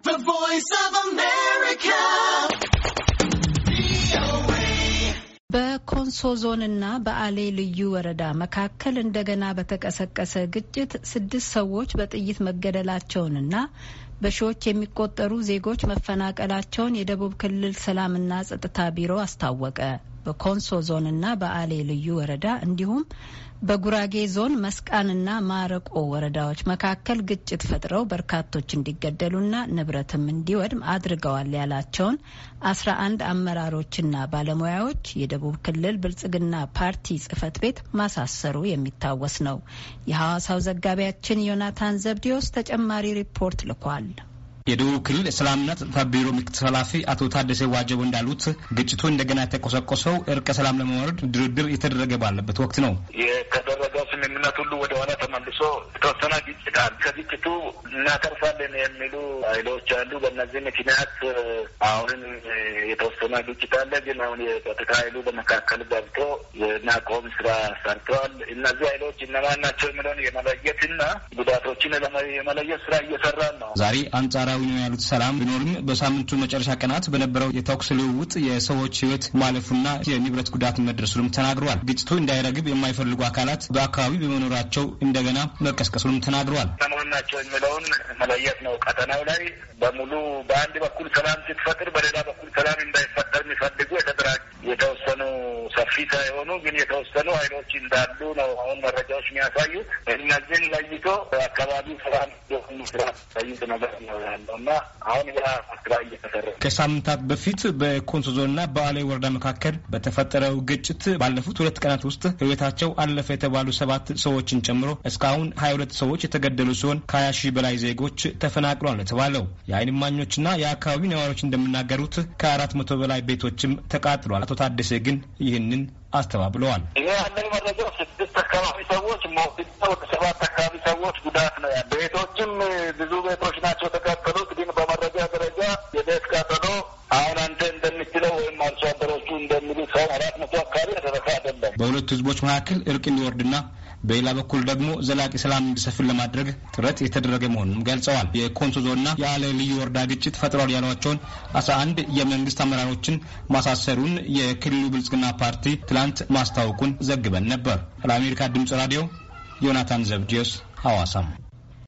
The Voice of America. በኮንሶ ዞንና በአሌ ልዩ ወረዳ መካከል እንደገና በተቀሰቀሰ ግጭት ስድስት ሰዎች በጥይት መገደላቸውንና በሺዎች የሚቆጠሩ ዜጎች መፈናቀላቸውን የደቡብ ክልል ሰላምና ጸጥታ ቢሮ አስታወቀ። በኮንሶ ዞንና በአሌ ልዩ ወረዳ እንዲሁም በጉራጌ ዞን መስቃንና ማረቆ ወረዳዎች መካከል ግጭት ፈጥረው በርካቶች እንዲገደሉና ንብረትም እንዲወድም አድርገዋል ያላቸውን አስራ አንድ አመራሮችና ባለሙያዎች የደቡብ ክልል ብልጽግና ፓርቲ ጽህፈት ቤት ማሳሰሩ የሚታወስ ነው። የሐዋሳው ዘጋቢያችን ዮናታን ዘብዲዮስ ተጨማሪ ሪፖርት ልኳል። የደቡብ ክልል ሰላምና ጸጥታ ቢሮ ምክትል ኃላፊ አቶ ታደሰ ዋጀቡ እንዳሉት ግጭቱ እንደገና የተቆሰቆሰው እርቀ ሰላም ለመውረድ ድርድር የተደረገ ባለበት ወቅት ነው። የተደረገው ስምምነት ሁሉ ወደኋላ ተመልሶ የተወሰነ ግጭት ይበልጣል። ከግጭቱ እናተርፋለን የሚሉ ኃይሎች አሉ። በእነዚህ ምክንያት አሁንም የተወሰነ ግጭት አለ። ግን አሁን የጸጥታ ኃይሉ በመካከል ገብቶ የናቆም ስራ ሰርተዋል። እነዚህ ኃይሎች እነማን ናቸው የሚለውን የመለየትና ጉዳቶችን የመለየት ስራ እየሰራ ነው። ዛሬ አንጻራዊ ነው ያሉት ሰላም ቢኖርም በሳምንቱ መጨረሻ ቀናት በነበረው የተኩስ ልውውጥ የሰዎች ህይወት ማለፉና የንብረት ጉዳት መድረሱንም ተናግረዋል። ግጭቱ እንዳይረግብ የማይፈልጉ አካላት በአካባቢ በመኖራቸው እንደገና መቀስቀሱንም ተናግረዋል። ለመሆን ናቸው የሚለውን መለየት ነው። ቀጠናው ላይ በሙሉ በአንድ በኩል ሰላም ስትፈጥር፣ በሌላ ባይሆኑ ግን የተወሰኑ ኃይሎች እንዳሉ ነው አሁን መረጃዎች የሚያሳዩት። እነዚህን ለይቶ አካባቢ ስራ ሚስራይት ነገር ነው ያለው እና አሁን ያ አስራ እየተሰራ ከሳምንታት በፊት በኮንሶ ዞንና በአሌ ወረዳ መካከል በተፈጠረው ግጭት ባለፉት ሁለት ቀናት ውስጥ ህይወታቸው አለፈ የተባሉ ሰባት ሰዎችን ጨምሮ እስካሁን ሀያ ሁለት ሰዎች የተገደሉ ሲሆን ከሀያ ሺህ በላይ ዜጎች ተፈናቅሏል የተባለው የአይን እማኞችና የአካባቢው ነዋሪዎች እንደሚናገሩት ከአራት መቶ በላይ ቤቶችም ተቃጥሏል። አቶ ታደሴ ግን ይህንን አስተባብለዋል። ይሄ ያለኝ መረጃ ስድስት አካባቢ ሰዎች ሞት፣ ወደ ሰባት አካባቢ ሰዎች ጉዳት ነው ያለ። ቤቶችም ብዙ ቤቶች ናቸው የተቃጠሉት፣ ግን በመረጃ ደረጃ የቤት ቃጠሎ አሁን በሁለቱ ህዝቦች መካከል እርቅ እንዲወርድና በሌላ በኩል ደግሞ ዘላቂ ሰላም እንዲሰፍን ለማድረግ ጥረት የተደረገ መሆኑን ገልጸዋል። የኮንሶ ዞንና የአለ ልዩ ወረዳ ግጭት ፈጥሯል ያሏቸውን አስራ አንድ የመንግስት አመራሮችን ማሳሰሩን የክልሉ ብልጽግና ፓርቲ ትላንት ማስታወቁን ዘግበን ነበር። ለአሜሪካ ድምጽ ራዲዮ ዮናታን ዘብዲዮስ ሐዋሳም